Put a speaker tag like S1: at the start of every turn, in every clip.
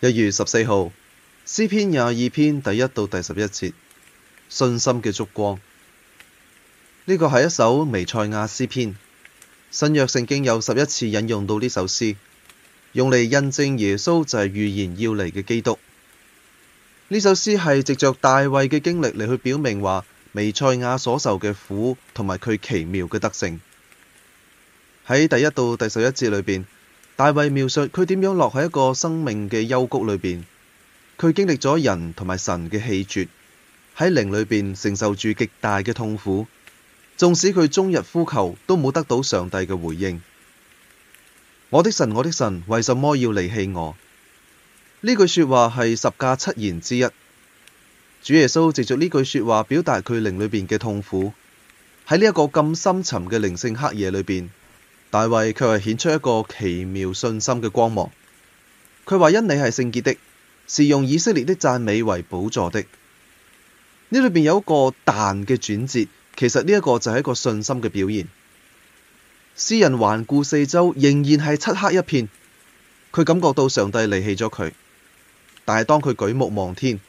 S1: 一月十四號，詩篇廿二篇第一到第十一節，信心嘅燭光。呢個係一首彌賽亞詩篇，新約聖經有十一次引用到呢首詩，用嚟印證耶穌就係預言要嚟嘅基督。呢首詩係藉着大衛嘅經歷嚟去表明話，彌賽亞所受嘅苦同埋佢奇妙嘅得勝。喺第一到第十一節裏邊。大衛描述佢點樣落喺一個生命嘅幽谷裏邊，佢經歷咗人同埋神嘅棄絕，喺靈裏邊承受住極大嘅痛苦，縱使佢終日呼求，都冇得到上帝嘅回應。我的神，我的神，為什麼要離棄我？呢句說話係十架七言之一，主耶穌藉住呢句說話表達佢靈裏邊嘅痛苦，喺呢一個咁深沉嘅靈性黑夜裏邊。大衛卻係顯出一個奇妙信心嘅光芒。佢話：因你係聖潔的，是用以色列的讚美為寶座的。呢裏邊有一個但嘅轉折，其實呢一個就係一個信心嘅表現。詩人環顧四周，仍然係漆黑一片，佢感覺到上帝離棄咗佢。但係當佢舉目望天，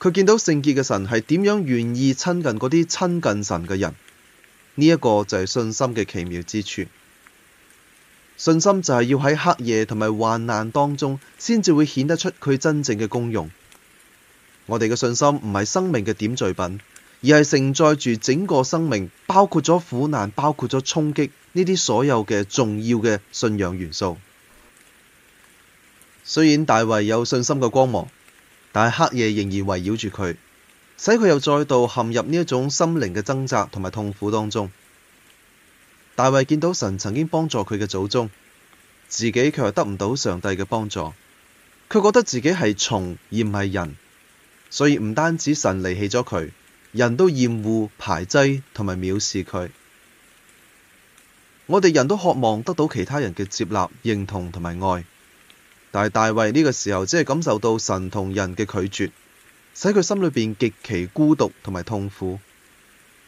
S1: 佢見到聖潔嘅神係點樣願意親近嗰啲親近神嘅人。呢、這、一個就係信心嘅奇妙之處。信心就係要喺黑夜同埋患難當中，先至會顯得出佢真正嘅功用。我哋嘅信心唔係生命嘅點綴品，而係承載住整個生命，包括咗苦難，包括咗衝擊呢啲所有嘅重要嘅信仰元素。雖然大衛有信心嘅光芒，但係黑夜仍然圍繞住佢，使佢又再度陷入呢一種心靈嘅掙扎同埋痛苦當中。大衛見到神曾經幫助佢嘅祖宗，自己卻又得唔到上帝嘅幫助，佢覺得自己係蟲而唔係人，所以唔單止神離棄咗佢，人都厭惡、排擠同埋藐視佢。我哋人都渴望得到其他人嘅接納、認同同埋愛，但係大衛呢個時候只係感受到神同人嘅拒絕，使佢心裏邊極其孤獨同埋痛苦。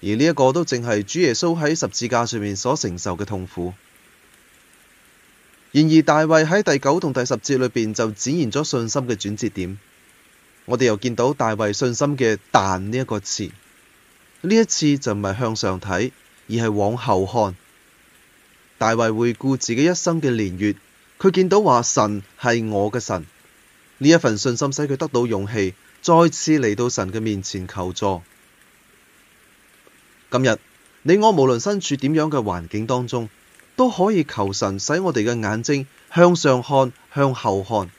S1: 而呢一個都淨係主耶穌喺十字架上面所承受嘅痛苦。然而，大衛喺第九同第十節裏邊就展現咗信心嘅轉折點。我哋又見到大衛信心嘅但呢一個詞，呢一次就唔係向上睇，而係往後看。大衛回顧自己一生嘅年月，佢見到話神係我嘅神呢一份信心，使佢得到勇氣，再次嚟到神嘅面前求助。今日你我無論身處點樣嘅環境當中，都可以求神使我哋嘅眼睛向上看、向後看，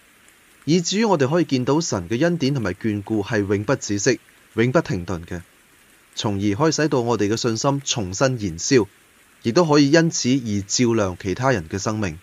S1: 以至於我哋可以見到神嘅恩典同埋眷顧係永不止息、永不停頓嘅，從而可以使到我哋嘅信心重新燃燒，亦都可以因此而照亮其他人嘅生命。